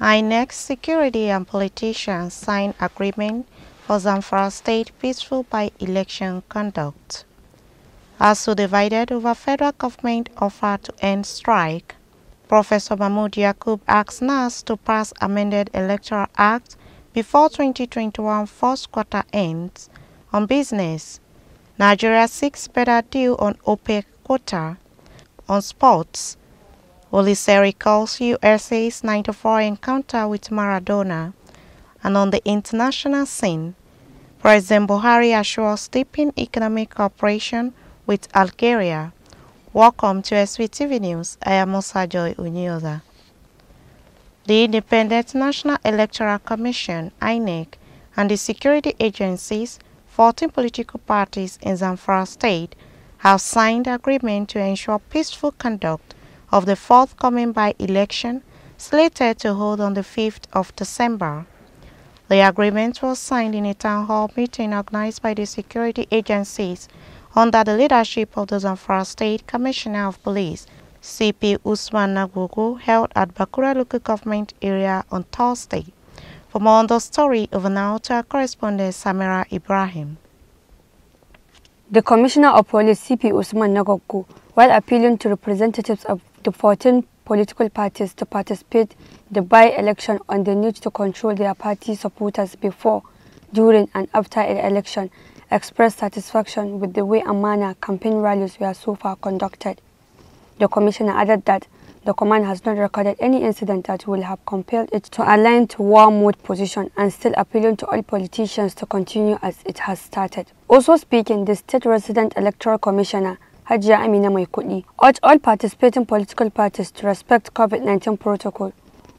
INEX Security and Politicians Sign Agreement for Zamfara State Peaceful By-Election Conduct. ASU divided over federal government offer to end strike. Professor Mahmoud Yakub asks NAS to pass amended Electoral Act before 2021 first quarter ends. On business, Nigeria seeks better deal on OPEC quota. On sports, Oliseri calls USA's 94 encounter with Maradona. And on the international scene, President Buhari assures deepening economic cooperation with Algeria. Welcome to SVTV News. I am Osajoy Unioda. The Independent National Electoral Commission, INEC, and the security agencies, 14 political parties in Zamfara State, have signed agreement to ensure peaceful conduct of the forthcoming by-election slated to hold on the 5th of December. The agreement was signed in a town hall meeting organized by the security agencies under the leadership of the Zamfara State Commissioner of Police, CP Usman Nagogo, held at Bakura local government area on Thursday. For more on the story, over now to our correspondent Samira Ibrahim. The Commissioner of Police, CP Usman Nagogo, while appealing to representatives of the 14 political parties to participate the by-election on the need to control their party supporters before, during and after an election expressed satisfaction with the way and manner campaign rallies were so far conducted. The commissioner added that the command has not recorded any incident that will have compelled it to align to war mode position and still appealing to all politicians to continue as it has started. Also speaking, the state resident electoral commissioner Hajia Amina Maikudi urged all participating political parties to respect COVID-19 protocol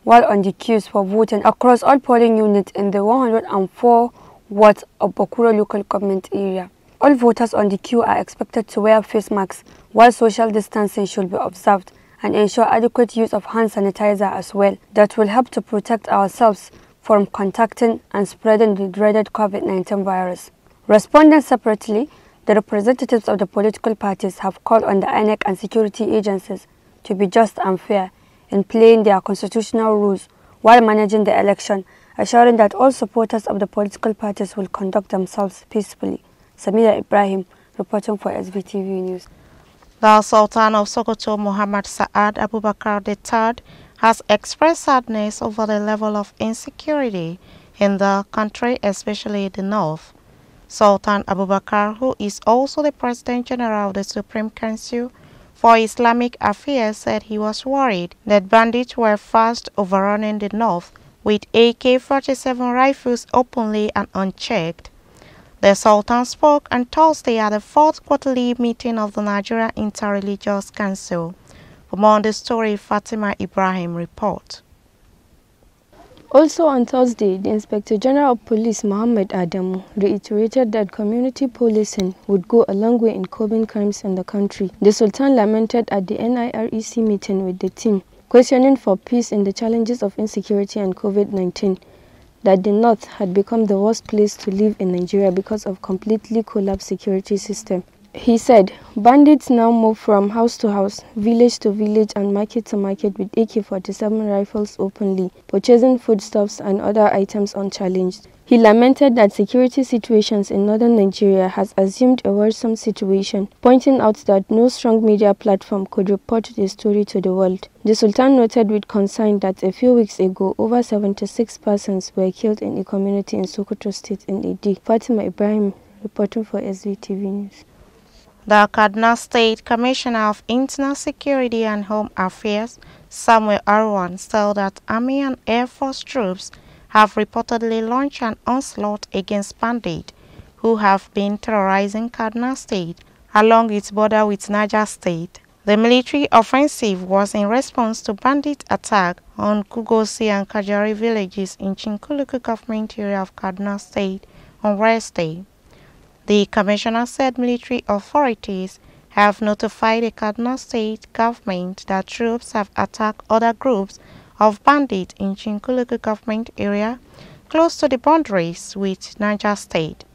while on the queues for voting across all polling units in the 104 wards of Bakura local government area. All voters on the queue are expected to wear face masks while social distancing should be observed and ensure adequate use of hand sanitizer as well. That will help to protect ourselves from contacting and spreading the dreaded COVID-19 virus. Responding separately, the representatives of the political parties have called on the INEC and security agencies to be just and fair in playing their constitutional rules while managing the election assuring that all supporters of the political parties will conduct themselves peacefully. Samira Ibrahim, reporting for SVTV News. The Sultan of Sokoto, Muhammad Saad Abubakar III, has expressed sadness over the level of insecurity in the country, especially the north. Sultan Abubakar, who is also the President General of the Supreme Council for Islamic Affairs, said he was worried that bandits were fast overrunning the north with AK-47 rifles openly and unchecked. The Sultan spoke on Thursday at the fourth quarterly meeting of the Nigeria Interreligious Council. For more on the story, Fatima Ibrahim reports. Also on Thursday, the Inspector General of Police Mohammed Adamu reiterated that community policing would go a long way in curbing crimes in the country. The Sultan lamented at the NIREC meeting with the team questioning for peace in the challenges of insecurity and COVID-19, that the North had become the worst place to live in Nigeria because of completely collapsed security system. He said, bandits now move from house to house, village to village and market to market with AK-47 rifles openly, purchasing foodstuffs and other items unchallenged. He lamented that security situations in northern Nigeria has assumed a worrisome situation, pointing out that no strong media platform could report the story to the world. The Sultan noted with concern that a few weeks ago, over 76 persons were killed in a community in Sokoto State in AD. Fatima Ibrahim reporting for SVTV News. The Kaduna State Commissioner of Internal Security and Home Affairs, Samuel Arwan, said that Army and Air Force troops have reportedly launched an onslaught against bandits who have been terrorizing Kaduna State along its border with Niger State. The military offensive was in response to bandit attack on Kugosi and Kajari villages in Chinkuluku government area of Kaduna State on Wednesday. The commissioner said military authorities have notified the Kaduna state government that troops have attacked other groups of bandits in Chinkulugu government area close to the boundaries with Niger state.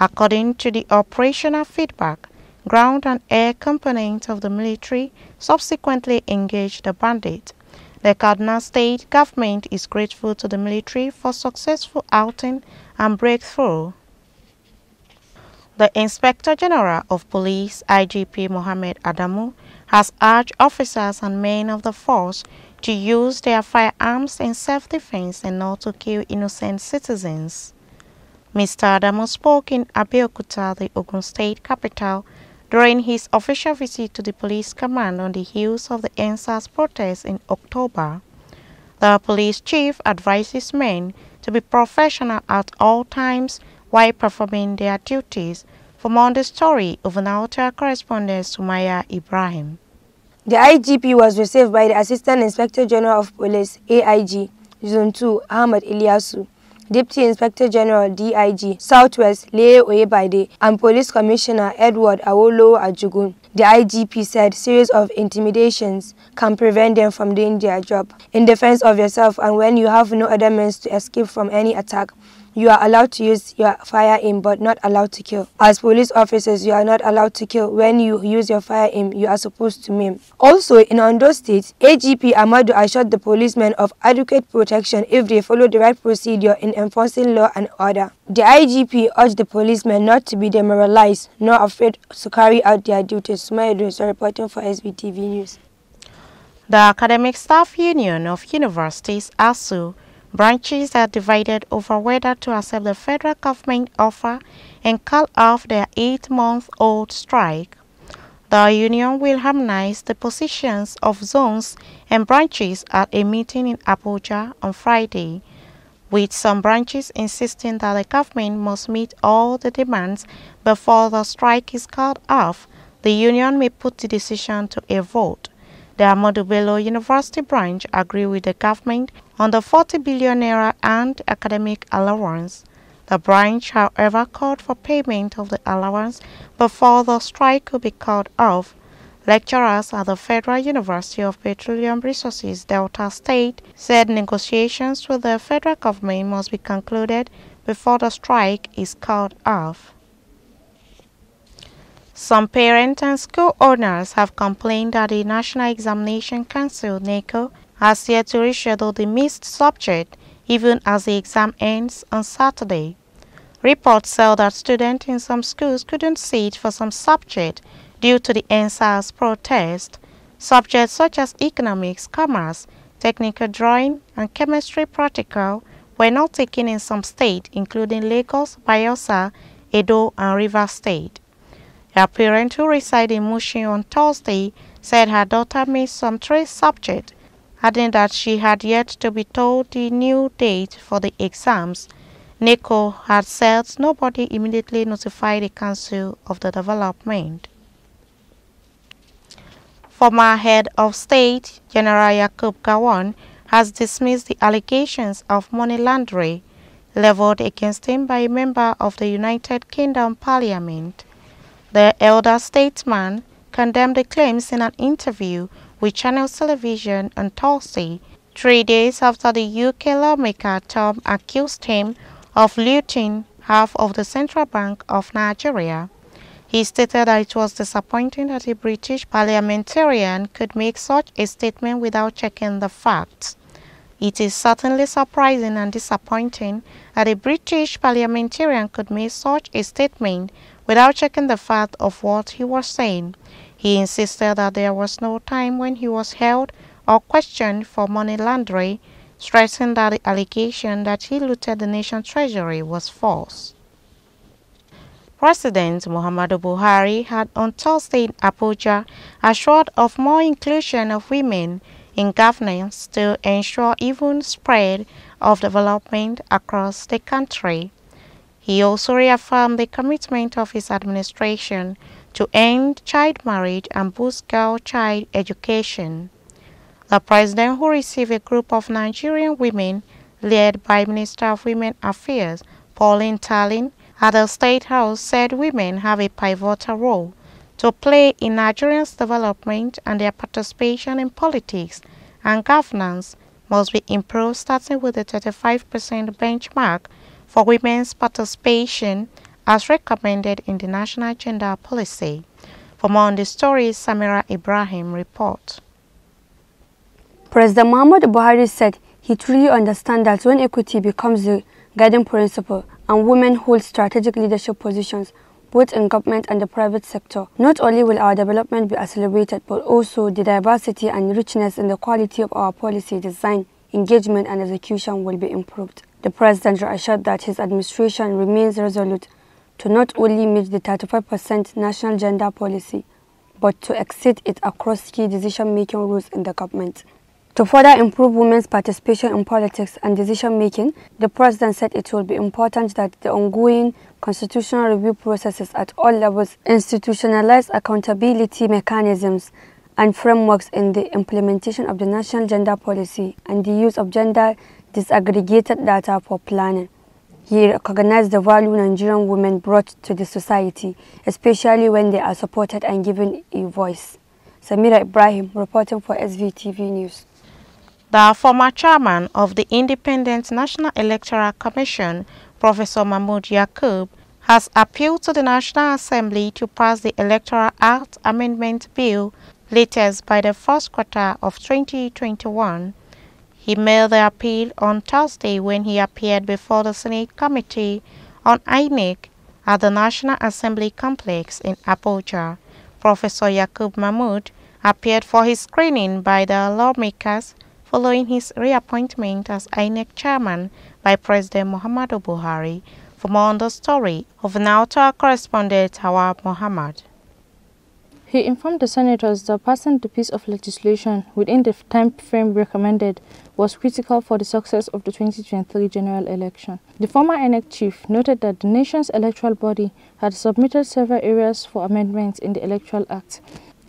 According to the operational feedback, ground and air components of the military subsequently engaged the bandits. The Kaduna state government is grateful to the military for successful outing and breakthrough the Inspector General of Police, IGP Mohamed Adamu, has urged officers and men of the force to use their firearms in self-defense and not to kill innocent citizens. Mr. Adamu spoke in Abeokuta, the Ogun State capital, during his official visit to the police command on the heels of the NSAS protests in October. The police chief advises men to be professional at all times while performing their duties for more on the story, over now to our correspondent Sumaya Ibrahim. The IGP was received by the Assistant Inspector General of Police, AIG, Zone 2, Ahmed Ilyasu, Deputy Inspector General, DIG, Southwest, Lee Oyebade, and Police Commissioner Edward Awolo Ajugun. The IGP said series of intimidations can prevent them from doing their job. In defense of yourself and when you have no other means to escape from any attack, you are allowed to use your firearm but not allowed to kill. As police officers, you are not allowed to kill. When you use your firearm, you are supposed to maim. Also, in Ondo State, AGP Amadu assured the policemen of adequate protection if they follow the right procedure in enforcing law and order. The IGP urged the policemen not to be demoralized nor afraid to carry out their duties. Sumaya Dunso reporting for SBTV News. The Academic Staff Union of Universities, ASU, Branches are divided over whether to accept the federal government offer and call off their eight-month-old strike. The union will harmonize the positions of zones and branches at a meeting in Abuja on Friday, with some branches insisting that the government must meet all the demands before the strike is called off. The union may put the decision to a vote. The Amadubelo Bello University branch agree with the government on the 40 billion naira and academic allowance. The branch, however, called for payment of the allowance before the strike could be called off. Lecturers at the Federal University of Petroleum Resources Delta State said negotiations with the federal government must be concluded before the strike is called off. Some parents and school owners have complained that the National Examination Council NECO has yet to reschedule the missed subject even as the exam ends on Saturday. Reports say that students in some schools couldn't sit for some subject due to the NSAS protest. Subjects such as economics, commerce, technical drawing, and chemistry practical were not taken in some states, including Lagos, Bayelsa, Edo, and Rivers State. A parent who resided in Mushin on Thursday said her daughter missed some three subjects adding that she had yet to be told the new date for the exams. NECO had said nobody immediately notified the Council of the development. Former head of state, General Yakub Gawon, has dismissed the allegations of money laundering leveled against him by a member of the United Kingdom Parliament. The elder statesman condemned the claims in an interview with Channel Television on Thursday, three days after the UK lawmaker Tom accused him of looting half of the Central Bank of Nigeria. He stated that it was disappointing that a British parliamentarian could make such a statement without checking the facts. It is certainly surprising and disappointing that a British parliamentarian could make such a statement without checking the fact of what he was saying, he insisted that there was no time when he was held or questioned for money laundering, stressing that the allegation that he looted the nation's treasury was false. President Muhammadu Buhari had on Thursday in Abuja assured of more inclusion of women in governance to ensure even spread of development across the country. He also reaffirmed the commitment of his administration to end child marriage and boost girl child education. The president, who received a group of Nigerian women led by Minister of Women Affairs Pauline Tallinn at the State House, said women have a pivotal role to play in Nigeria's development and their participation in politics and governance must be improved starting with the 35% benchmark for women's participation as recommended in the National Gender Policy. For more on the story, Samira Ibrahim report. President Mahmoud Buhari said he truly understands that when equity becomes the guiding principle and women hold strategic leadership positions both in government and the private sector, not only will our development be accelerated, but also the diversity and richness in the quality of our policy design, engagement and execution will be improved. The president assured that his administration remains resolute to not only meet the 35% national gender policy, but to exceed it across key decision-making roles in the government. To further improve women's participation in politics and decision-making, the President said it will be important that the ongoing constitutional review processes at all levels institutionalize accountability mechanisms and frameworks in the implementation of the national gender policy and the use of gender disaggregated data for planning. He recognized the value Nigerian women brought to the society, especially when they are supported and given a voice. Samira Ibrahim, reporting for SVTV News. The former chairman of the Independent National Electoral Commission, Professor Mahmoud Yakub, has appealed to the National Assembly to pass the Electoral Act Amendment Bill latest by the first quarter of 2021. He made the appeal on Thursday when he appeared before the Senate Committee on INEC at the National Assembly Complex in Abuja. Professor Yakub Mahmoud appeared for his screening by the lawmakers following his reappointment as INEC chairman by President Muhammadu Buhari. For more on the story, of now to our correspondent Hawa Muhammad. He informed the senators that passing the piece of legislation within the time frame recommended was critical for the success of the 2023 general election. The former INEC chief noted that the nation's electoral body had submitted several areas for amendments in the Electoral Act.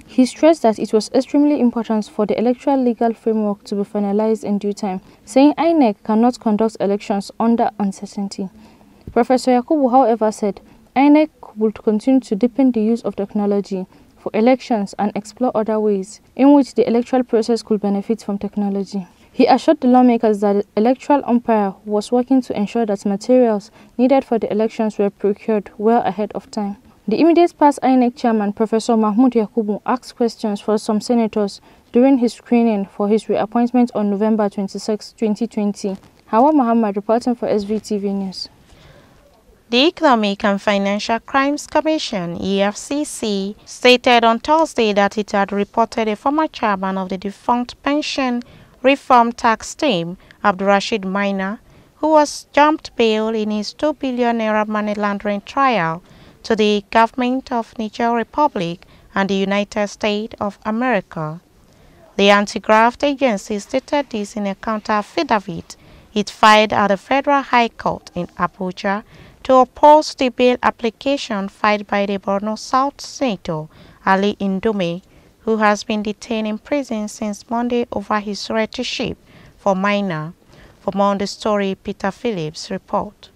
He stressed that it was extremely important for the electoral legal framework to be finalized in due time, saying INEC cannot conduct elections under uncertainty. Professor Yakubu, however, said INEC would continue to deepen the use of technology for elections and explore other ways in which the electoral process could benefit from technology. He assured the lawmakers that the electoral umpire was working to ensure that materials needed for the elections were procured well ahead of time. The immediate past INEC chairman, Professor Mahmoud Yakubu, asked questions for some senators during his screening for his reappointment on November 26, 2020. Hawa Muhammad reporting for SVTV News. The Economic and Financial Crimes Commission EFCC stated on Thursday that it had reported a former chairman of the defunct pension reform tax team, Abdurashid Mina, who was jumped bail in his 2 billion naira money laundering trial to the government of Niger Republic and the United States of America. The anti-graft agency stated this in a counter affidavit it filed at the Federal High Court in Abuja to oppose the bail application filed by the Borno South Senator Ali Indume, who has been detained in prison since Monday over his rectorship for minor. For more on the story, Peter Phillips report.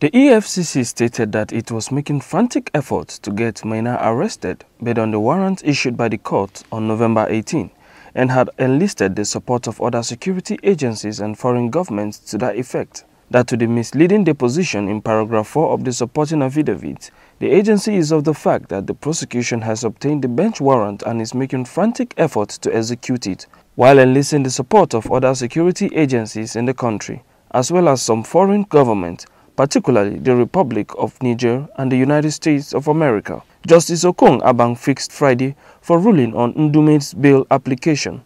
The EFCC stated that it was making frantic efforts to get Maina arrested based on the warrant issued by the court on November 18 and had enlisted the support of other security agencies and foreign governments to that effect that to the misleading deposition in paragraph 4 of the supporting affidavit, the agency is of the fact that the prosecution has obtained the bench warrant and is making frantic efforts to execute it, while enlisting the support of other security agencies in the country, as well as some foreign governments, particularly the Republic of Niger and the United States of America. Justice Okong Abang fixed Friday for ruling on Ndume's bail application.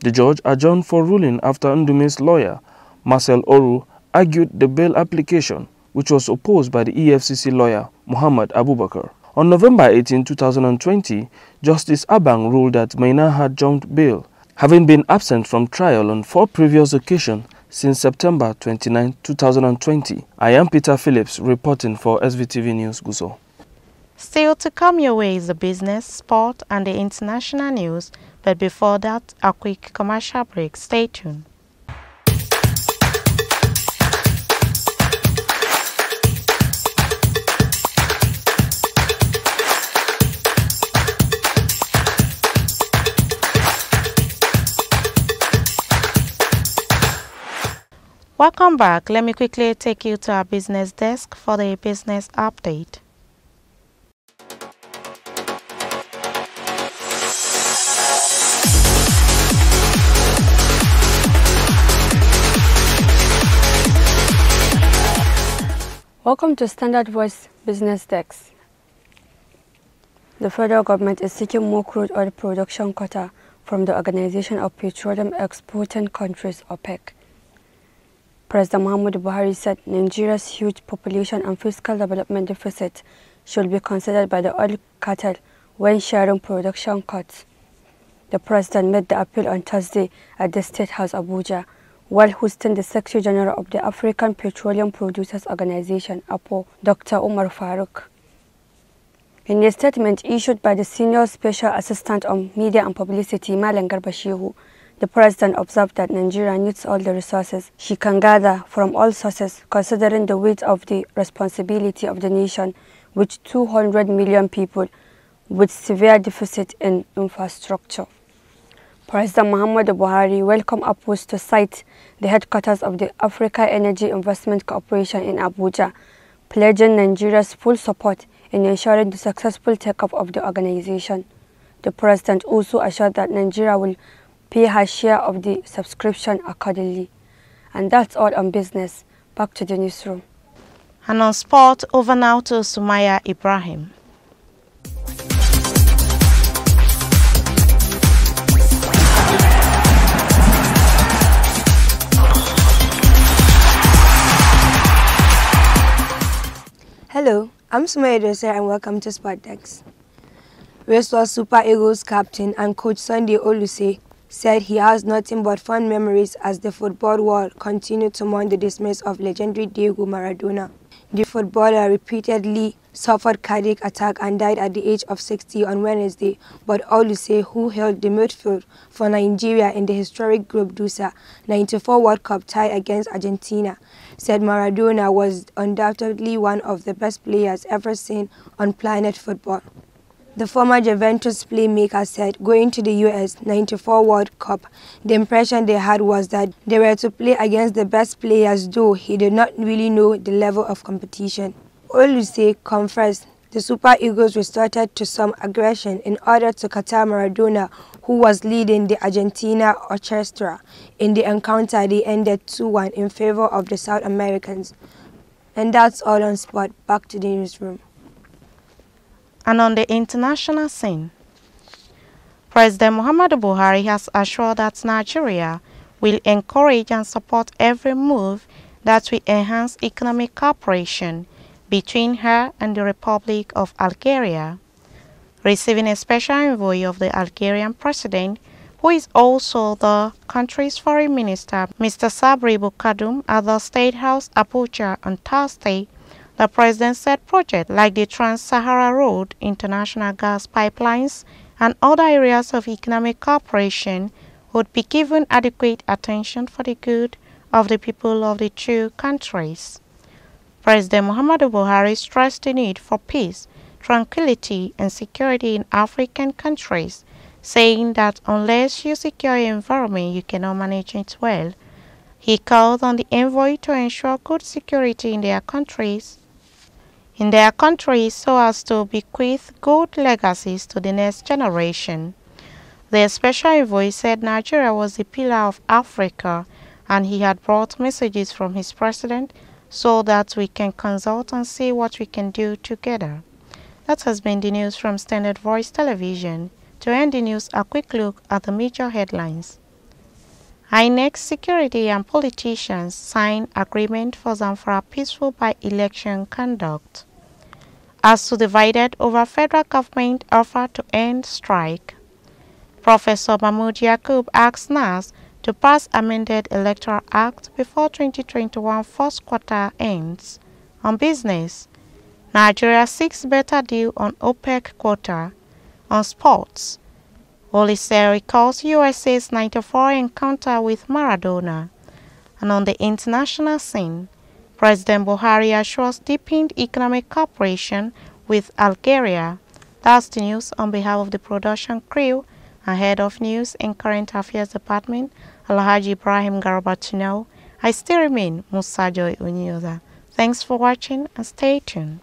The judge adjourned for ruling after Ndume's lawyer, Marcel Oru, argued the bail application, which was opposed by the EFCC lawyer Muhammad Abubakar. On November 18, 2020, Justice Abang ruled that Maina had jumped bail, having been absent from trial on four previous occasions since September 29, 2020. I am Peter Phillips reporting for SVTV News Guzo. Still to come your way is the business, sport and the international news, but before that, a quick commercial break. Stay tuned. Welcome back. Let me quickly take you to our business desk for the business update. Welcome to Standard Voice Business Desk. The federal government is seeking more crude oil production quota from the Organization of Petroleum Exporting Countries, OPEC. President Muhammad Buhari said Nigeria's huge population and fiscal development deficit should be considered by the oil cartel when sharing production cuts. The president made the appeal on Thursday at the State House Abuja while hosting the Secretary General of the African Petroleum Producers Organization, APO, Dr. Omar Farouk. In a statement issued by the Senior Special Assistant on Media and Publicity, Malengar Bashiru. The president observed that Nigeria needs all the resources she can gather from all sources, considering the weight of the responsibility of the nation with 200 million people with severe deficit in infrastructure. President Muhammad Buhari welcomed Apus to site the headquarters of the Africa Energy Investment Corporation in Abuja, pledging Nigeria's full support in ensuring the successful take-up of the organization. The president also assured that Nigeria will pay her share of the subscription accordingly. And that's all on business. Back to the newsroom. And on sport, over now to Sumaya Ibrahim. Hello, I'm Sumaya Dose and welcome to Spartex. West was Super Eagles captain and coach Sunday Oluse said he has nothing but fond memories as the football world continued to mourn the demise of legendary Diego Maradona. The footballer repeatedly suffered cardiac attack and died at the age of 60 on Wednesday, but Olise, who held the midfield for Nigeria in the historic Group Dusa 94 World Cup tie against Argentina, said Maradona was undoubtedly one of the best players ever seen on planet football. The former Juventus playmaker said going to the US 94 World Cup, the impression they had was that they were to play against the best players though he did not really know the level of competition. Oluse confessed the Super Eagles resorted to some aggression in order to Qatar Maradona who was leading the Argentina orchestra. In the encounter they ended 2-1 in favor of the South Americans. And that's all on spot. Back to the newsroom and on the international scene. President Muhammadu Buhari has assured that Nigeria will encourage and support every move that will enhance economic cooperation between her and the Republic of Algeria. Receiving a special envoy of the Algerian president, who is also the country's foreign minister, Mr. Sabri Bukadum, at the State House Abuja on Thursday, the president said projects like the Trans-Sahara Road, international gas pipelines, and other areas of economic cooperation would be given adequate attention for the good of the people of the two countries. President Muhammadu Buhari stressed the need for peace, tranquility, and security in African countries, saying that unless you secure your environment, you cannot manage it well. He called on the envoy to ensure good security in their countries in their country so as to bequeath good legacies to the next generation. The special envoy said Nigeria was the pillar of Africa and he had brought messages from his president so that we can consult and see what we can do together. That has been the news from Standard Voice Television. To end the news, a quick look at the major headlines. INEX security and politicians sign agreement for Zamfara peaceful by election conduct as to divided over federal government offer to end strike. Professor Mahmoud Yakub asks NAS to pass amended Electoral Act before 2021 first quarter ends. On business, Nigeria seeks better deal on OPEC quota. On sports, Olise recalls USA's 94 encounter with Maradona. And on the international scene, President Buhari assures deepened economic cooperation with Algeria. That's the news on behalf of the production crew ahead head of news and current affairs department, Alhaji Ibrahim Garabatino, I still remain Musa Joy Unyoza. Thanks for watching and stay tuned.